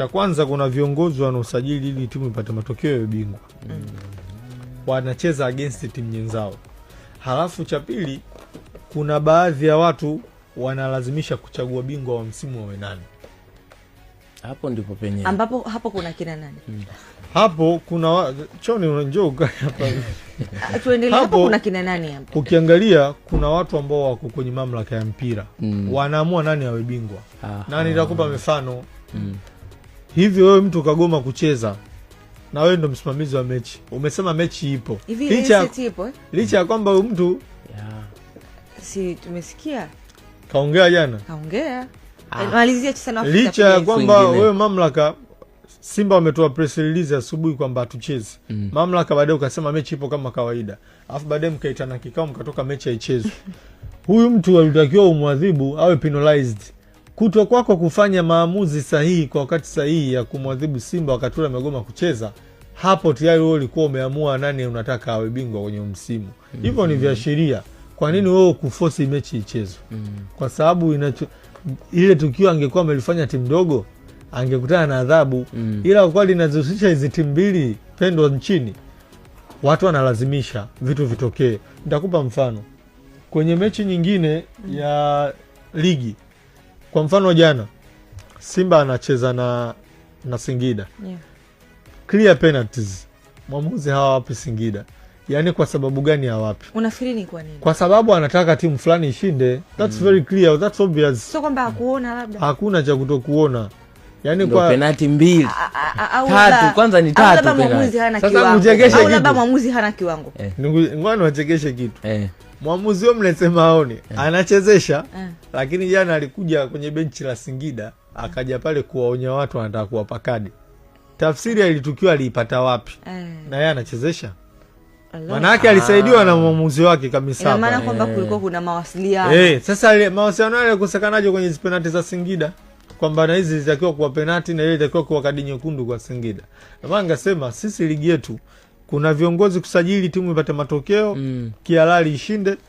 cha kwanza kuna viongozi wanaosajili ili timu ipate matokeo ya ubingwa mm. wanacheza against timu nyenzao halafu cha pili kuna baadhi ya watu wanalazimisha kuchagua bingwa wa msimu wawe nani hapo ndipo penyewe ambapo hapo kuna kina nani mm. hapo kuna choni tuendelee hapo kuna kina nani hapo ukiangalia kuna watu ambao wako kwenye mamlaka ya mpira mm. wanaamua nani awe bingwa na nitakupa mifano mm. Hivi wewe mtu ukagoma kucheza na wewe ndo msimamizi wa mechi, umesema mechi ipo licha ipo eh? licha ya kwamba huyu mtu yeah. si tumesikia kaongea jana, kaongea ah. licha ya kwamba wewe mamlaka Simba wametoa press release asubuhi kwamba hatuchezi mm. mamlaka baadaye ukasema mechi ipo kama kawaida, alafu baadaye mkaitana kikao mkatoka mechi haichezwi. Huyu mtu alitakiwa umwadhibu awe penalized kutwa kwako kufanya maamuzi sahihi kwa wakati sahihi ya kumwadhibu Simba wakati ule amegoma kucheza, hapo tayari huo ulikuwa umeamua nani unataka awe bingwa kwenye msimu. Hivyo mm-hmm. ni mhm. viashiria. Kwa nini wewe kufosi mechi ichezwe? mm-hmm. Kwa sababu inacho ile tukio angekuwa amelifanya timu ndogo angekutana na adhabu mm. Ila kwa linazihusisha hizi timu mbili pendwa nchini, watu wanalazimisha vitu vitokee. Nitakupa mfano kwenye mechi nyingine ya ligi kwa mfano jana Simba anacheza na na Singida yeah. Clear penalties mwamuzi hawawapi Singida. Yaani kwa sababu gani hawapi? Unafikiri ni kwa nini? Kwa sababu anataka timu fulani ishinde. That's mm. very clear, that's obvious. kwamba hakuona labda. Hakuna cha kutokuona. Yaani kwa penalti mbili. Tatu kwanza ni tatu Sasa kitu. Labda mwamuzi hana kiwango. Eh. kitu. Eh mwamuzi huyo mlete maoni yeah. anachezesha yeah. lakini jana alikuja kwenye benchi la Singida akaja pale kuwaonya watu anataka kuwapa kadi. Tafsiri alitukiwa aliipata wapi? yeah. na yeye anachezesha manaake alisaidiwa na mwamuzi wake kabisa, eh. mawasiliano eh, Sasa mawasiliano kwenye zipenati za Singida kwamba na hizi zitakiwa kuwa penati na ile itakiwa kuwa kadi nyekundu kwa Singida. namaa ngasema sisi ligi yetu kuna viongozi kusajili timu ipate matokeo mm. kialali ishinde